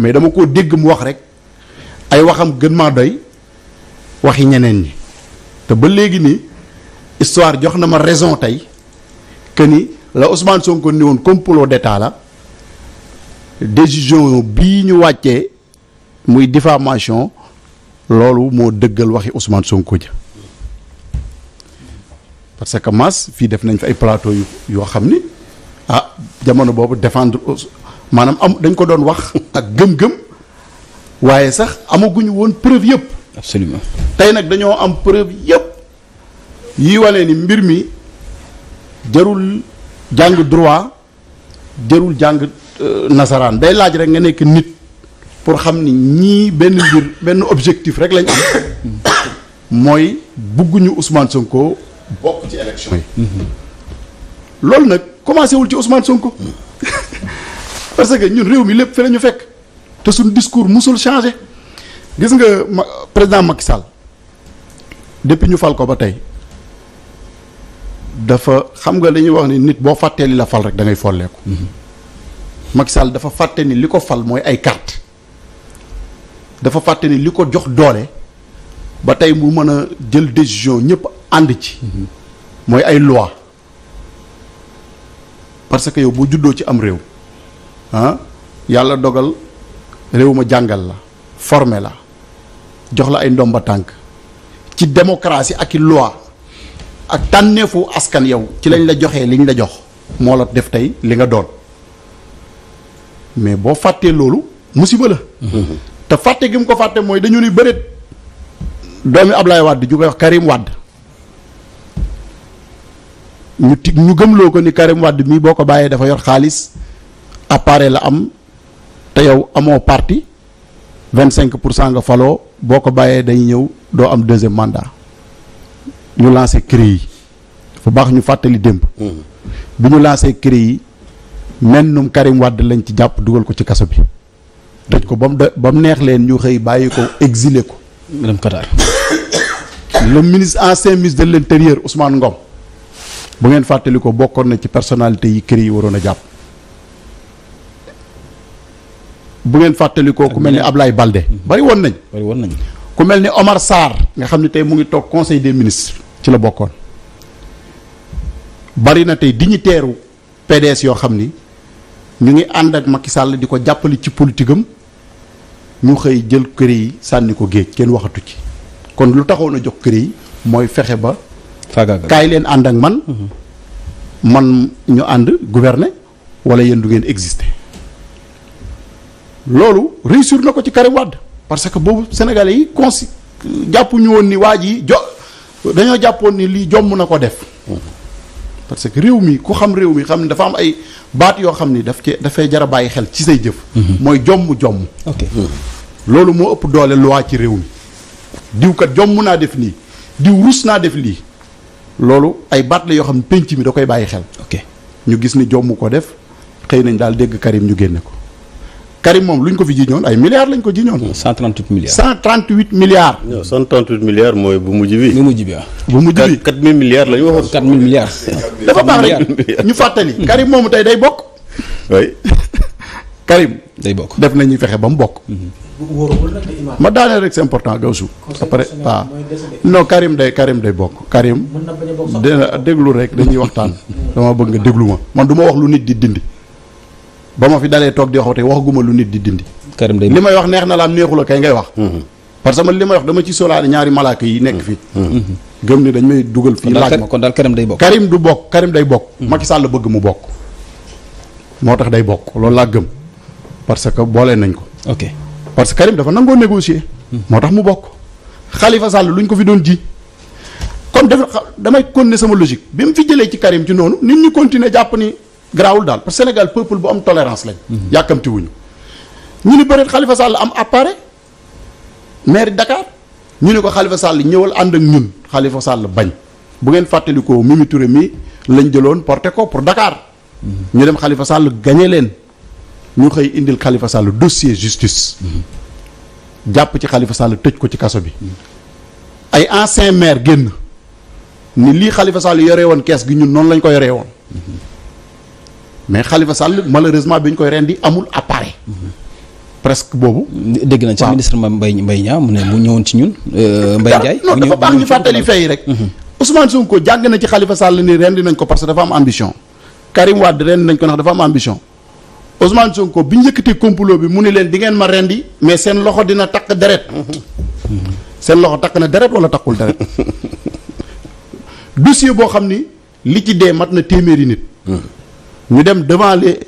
mais dama ko dégg mu wax rek ay waxam gën maa doy waxi ñeneen ñi te ba léegi nii histoire jox na ma raison tey que ni la Ousmane Sonko ni woon complot d'état la décision bii ñu wàccee muy diffamation loolu moo dëggal waxi Ousmane Sonko ja parce que mass fii def nañ fi ay plateau yoo xam ni ah jamono boobu défendre maanaam am dañ ko doon wax ak gëm-gëm waaye sax amaguñu woon preuve yëpp. tey nag dañoo am preuve yëpp yi wale ni mbir mi jarul jàng droit jarul jàng euh, nasaraan day laaj rek nga nekk nit pour xam ni ñii benn mbir benn objectif rek lañ am mooy bugguñu Ousmane Sonko bokk ci élection yi. Mm-hmm. loolu nag commencé wul ci usmaan Sonko. parce que ñun réew mi lépp fi la ñu fekk te suñu discours mosul changé gis nga ma président Macky Sall depuis ñu fal ko ba tey dafa xam nga li ñuy wax ni nit boo fàttee li la fal rek dangay ngay folleeku mhm. Macky dafa fàtte ni li ko fal mooy ay carte dafa fàtte ni li ko jox doole ba tey mu mën a jël décision ñëpp ànd ci mhm. mooy ay loi parce que yow boo juddoo ci am réew Ah, yàlla dogal réew jàngal la formé la jox la ay ndomba tànk ci démocratie ak i loi ak tànneefu askan yow ci lañ la joxee liñ la jox moo la def tey li nga doon mais boo fàttee loolu musiba la. Mm-hmm. te fàtte gi mu ko fàtte mooy dañu ni bëreet doomi lay wàdd ju koy wax Karim wàdd ñu ti ñu gëmloo ko ni Karim Wade mii boo ko bàyyee dafa yor xaalis appareil la am te yow amoo parti vingt cinq pour cent nga faloo boo ko bàyyee day ñëw doo am deuxième mandat ñu lancé CREI yi fu baax ñu fàttali démb bi ñu lancé CREI yi mennum Karim Wade lañ ci jàpp dugal ko ci kaso bi tëj ko ba mu de ba mu neex leen ñu xëy bàyyi ko exilé ko dem Qatar le ministre ancien ministre de l'intérieur Ousmane Ngom bu ngeen fàttali ko bokkoon na ci personnalité yi CREI yi waroon a jàpp bu ngeen fàttalikoo ku mel ni Ablaye Balde bari woon nañ bari woon ku mel ni Omar Sarr nga xam ne tey mu ngi toog conseil des ministres ci la bokkoon bari na tey dignitaire teeru PDS yoo xam ni ñu ngi ànd ak Macky Sall di ko jàppale ci politique am ñu xëy jël kër yi sànni ko géej kenn waxatu ci kon lu taxoon a jox kër yi mooy fexe ba kaay leen ànd ak man mhm. man ñu ànd gouverner wala yéen du ngeen exister loolu réussir na ko ci Karim Wade parce que boobu sénégalais yi consi jàpp ñu woon ni waa ji jo dañoo jàppoon ni lii jomm na ko def parce que réew mii ku xam réew mi xam ne dafa am ay baat yoo xam ni daf cee dafay jar a bàyyi xel ci say jëf mhm. mooy jomm jomm ok loolu moo ëpp doole loi ci réew mi diw kat jomm naa def nii diw rus naa def lii loolu ay baat la yoo xam ne pénc mi da koy bàyyi xel ok ñu gis ni jomm ko def xëy nañ daal dégg Karim ñu génne ko Karim moom lu ñu ko fi jiñoon ay milliards lañ ko jiñoon. 138 milliards 138 milliards. non 138 milliards mooy bu mujj bi. bu mujj bi waaw. bu mujj bi 4000 milliards la ñu waxoon. 4000 milliards. dafa baax rek ñu fàttali. Karim moomu tey day bokk. oui. day bokk def nañuy fexe ba mu bokk. ma daaneel rek c'est important Gawsu. après waaw ah. non Karim day Karim day bokk Karim. de na déglu rek dañuy waxtaan. dama bëgg nga déglu ma man du ma wax lu nit di dindi. ba ma fi dalee toog di waxatee waxaguma lu nit di dindi. li may wax neex na la am neexula kay ngay wax. Mhm. parce que man li may wax dama ci sóoraale ñaari malaaka yi nekk fii. Mhm. Mhm. gëm ne dañ may dugal fii laaj ma kon daal Karim day bokk. Karim du bokk Karim day bokk. Macky Sall bëgg mu bokk. moo tax day bokk loolu laa gëm parce que boole nañ ko. parce que Karim dafa nangoo négocier. moo tax mu bokk. Khalifa Sall luñ ko fi doon ji. kon def damay continuer sama logique bi fi jëlee ci Karim ci noonu nit ñi continuer jàpp ni. garaawul daal parce Sénégal peuple bu am tolérance lañ. yàkkamti wuñu ñu ni bëreet Khalifa Sall am appareil maire Dakar ñu ne ko Khalifa sàll ñëwal ànd ak ñun xalifa Sall bañ bu ngeen fàttalikoo Mimi Touré mi lañ jëloon porté ko pour dakaar ñu dem xalifa Sall gañe leen ñu xëy indil xalifa Sall dossier justice. jàpp ci Khalifa Sall tëj ko ci kaso bi. ay encent maire génn ni lii Khalifa Sall yore woon kees gi ñun noonu lañ ko yoree woon. mais Khalifa Sall malheureusement bi ñu koy rendi amul appareil. presque boobu. dégg nañ ci ministre Mbaye mbay Niang mu ne mu ñëwoon ci ñun. Euh, Mbaye Ndiaye non dafa baax ñu fàttali fay rek. Mhm. Ousmane Sonko jàng na ci Khalifa Sall ni rendi nañ ko parce que dafa am ambition. Karim Wade rendi nañ ko ndax dafa am ambition. Ousmane ko bi ñu yëkkatee complot bi mu ni leen di ngeen ma rendi mais seen loxo dina takk deret. Mhm. seen loxo takk na deret wala takkul deret. dossier boo xam ni li ci dee mat na téeméeri nit. Mhm. ñu dem devant les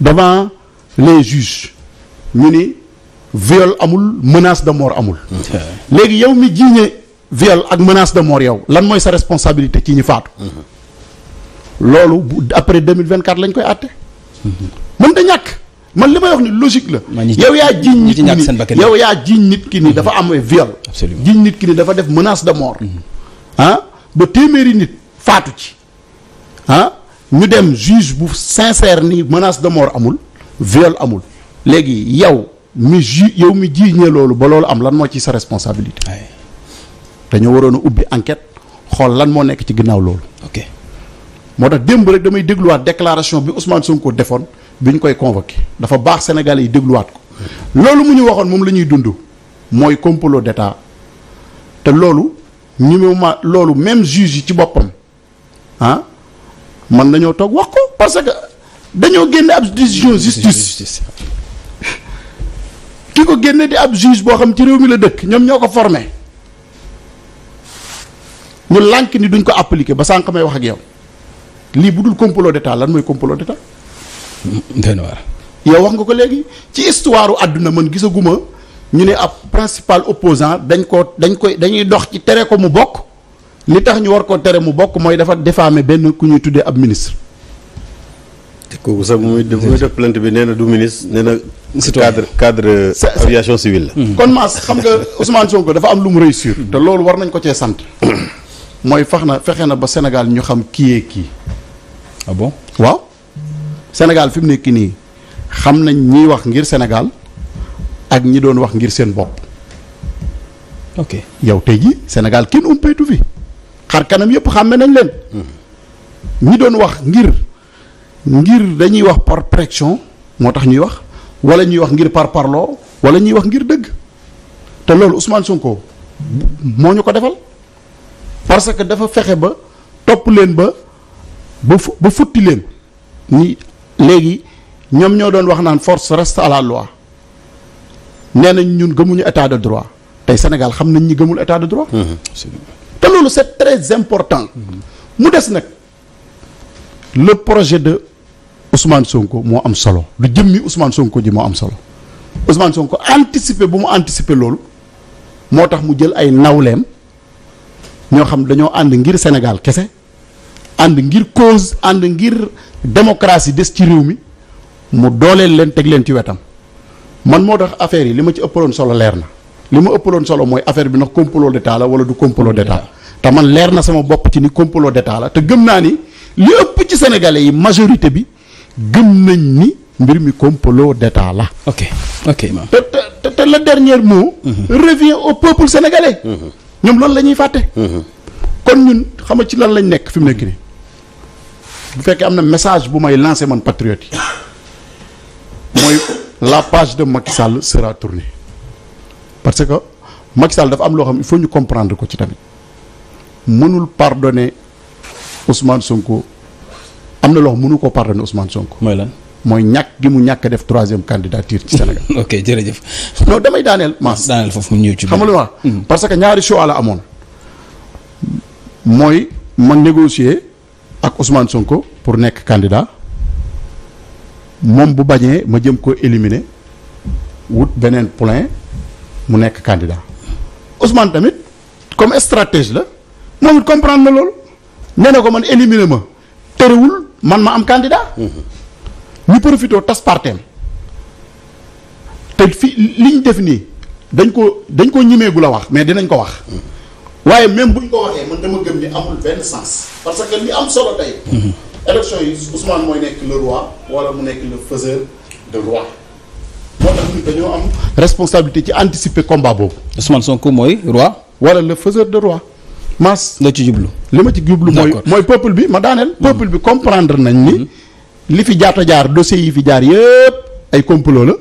devant les juges ñu ni viol amul menace de mort amul léegi yow mi jiiñe viol ak menace de mort yow lan mooy sa responsabilité ci ñi faatu loolu bu après 2024 lañ koy àtte mën da ñàkk man li may wax ni logique la yow yaa jiiñ nit ki ni yow yaa jiiñ nit ki ni dafa am viol jiiñ nit ki ni dafa def menace de mort ah ba téeméeri nit faatu ci ah, ñu dem juge bu sincère ni menace de mort amul viol amul léegi yow mi ju yow mi jiiñee loolu ba loolu am lan moo ci sa responsabilité dañoo waroon ubbi enquête xool lan moo nekk ci ginnaaw loolu ok moo tax démb rek damay dégluwaat déclaration bi Ousmane Sonko defoon bi ñu koy convoqué dafa baax sénégal yi dégluwaat ko loolu mu ñu waxoon moom la ñuy dund mooy complot d'état te loolu ñu ma loolu même juge yi ci boppam ah, man nañoo toog wax ko parce que dañoo génne ab décision justice ki ko génne di ab juge boo xam ci réew mi la dëkk ñoom ñoo ko formé ñu lànk ni duñ ko appliqué ba sànq may wax ak yow lii bu dul complot d'état lan mooy complot d'état yow wax nga ko léegi ci histoire àdduna man gisaguma ñu ne ab principal opposant dañ ko dañ koy dañuy dox ci tere ko mu bokk li tax ñu war ko tere mu bokk mooy dafa défamé benn ku ñuy tuddee ab ministre. te kooku sax muy def muy def plainte bi nee na du ministre nee na. cadre cadre aviation civile la. Mm. kon xam nga Ousmane Sonko dafa am lu mu réussir. te loolu war nañ ko cee sant. mooy fax na fexe na ba senegal ñu xam kii yee kii. Ah bon waaw. Sénégal fi mu nekk nii xam nañ ñiy wax ngir Sénégal ak ñi doon wax ngir seen bopp. ok yow tey ji Sénégal kenn umpaytu fi. xar kanam yëpp xàmme nañ leen. ñi doon wax ngir ngir dañuy wax par pression moo tax ñuy wax wala ñuy wax ngir par parloo wala ñuy wax ngir dëgg te loolu Ousmane Sonko moo ñu ko defal parce que dafa fexe ba topp leen ba ba ba futti leen ni léegi ñoom ñoo doon wax naan force reste à la loi nee nañ ñun gëmuñu état de droit tey Sénégal xam nañ ñi gëmul état de droit. Mmh, te loolu c'est très important mu des nag le projet de Ousmane Sonko moo am solo lu jëmmi Ousmane Sonko ji moo am solo usmaan Sonko anticiper bu mu anticiper loolu moo tax mu jël ay nawleem ñoo xam dañoo ànd ngir Sénégal kese ànd ngir cause ànd ngir démocratie des ci réew mi mu dooleel leen teg leen ci wetam man moo tax affaire yi li ma ci ëppaloon solo leer na. li ma ëppaloon solo mooy affaire bi ndax complot d'état la wala du complot d'état te man leer na sama bopp ci ni complot d'état la te gëm naa ni li ëpp ci sénégalais yi majorité bi gëm nañ ni mbir mi complot d'état la. ok ok te te te le dernier mot. Mhm. revient au peuple sénégalais. Mhm. ñoom loolu la ñuy fàtte. Mhm. kon ñun xam nga ci lan lañ nekk fi mu nekk nii bu fekkee am na message bu may lancer man patriote yi mooy la page de Macky Sall sera tournée. parce que Macky Sall dafa am loo xam il faut ñu comprendre ko ci tamit mënul pardonner Ousmane Sonko am na loo xam mënu ko pardonner Ousmane Sonko. mooy lan mooy ñàkk gi mu ñàkk def troisième candidature ci Sénégal. ok jërëjëf. non damay daaneel maas. daaneel foofu mu ñëw ci. xam nga lu ma hmm. parce que ñaari choix la amoon mooy ma négocier ak Ousmane Sonko pour nekk candidat moom bu bañee ma jëm ko éliminer wut beneen plan. mu nekk candidat Ousmane tamit comme stratège la moom it comprendre na loolu nee ko man éliminer ma terewul man ma am candidat ñu profité tas parteem te fi li ñu def nii dañ ko dañ ko ñimeegu la wax mais dinañ ko wax waaye même buñ ko waxee man dama gën ni amul benn sens parce que li am solo tey élection yi Ousmane mooy nekk le roi wala mu nekk le faiseur de roi moo tax ñun dañoo ci anticiper combat boobu. Ousmane Sonko mooy roi. wala le faiseur de roi. mas nga ci jublu. li ma ci jublu mooy mooy peuple bi ma daaneel. Hmm. peuple bi comprendre nañ ni. Hmm. li fi jaata jaar dossier yi fi jaar yëpp ay complot la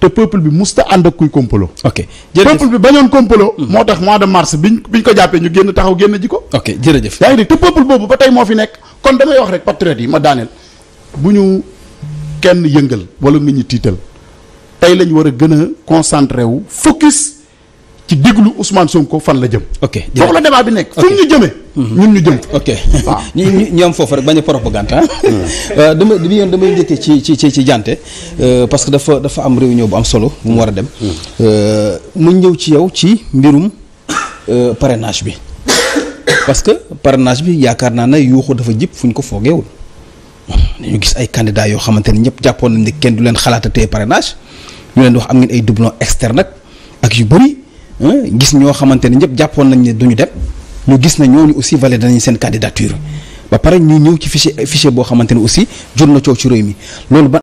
te peuple bi musta ànd ak kuy complot. ok jërëjëf peuple bi bañoon hmm. moo tax mois de mars biñ biñ ko jàppee ñu génn taxaw génn ji ko. ok jërëjëf. yaa ngi dégg te peuple boobu ba tey moo fi nekk kon damay wax rek patriote yi ma daaneel bu ñu kenn yëngal wala nit ñi tiital. tey la ñu war a gën a concentré wu focus ci déglu Ousmane ko fan la jëm. ok foofu la débat bi nekk. fu ñu jëmee. Mhm. ñun ñu jëm. ok waaw ñu ñu am foofu rek bañ a propagande ah. hmm. euh, dama bi yoon damay njëkkee ci ci ci ci jante euh, parce que dafa dafa am réunion bu am solo bu war a dem. mu hmm. euh, ñëw ci yow ci mbirum parrainage bi parce que parrainage bi yaakaar naa ne yuuxu dafa jib fu ñu ko foogeewul. dañu gis ay candidats yoo xamante ni ñëpp jàppoon nañ ne kenn du leen xalaatatee parrainage ñu leen di wax am ngeen ay doublon externe nag ak yu bëri gis ñoo xamante ne ñëpp jàppoon nañ ne duñu dem ñu gis na ñooñu aussi validé nañ seen candidature ba pare ñu ñëw ci fichier fichier boo xamante ne aussi jur na coow ci réew mi loolu ba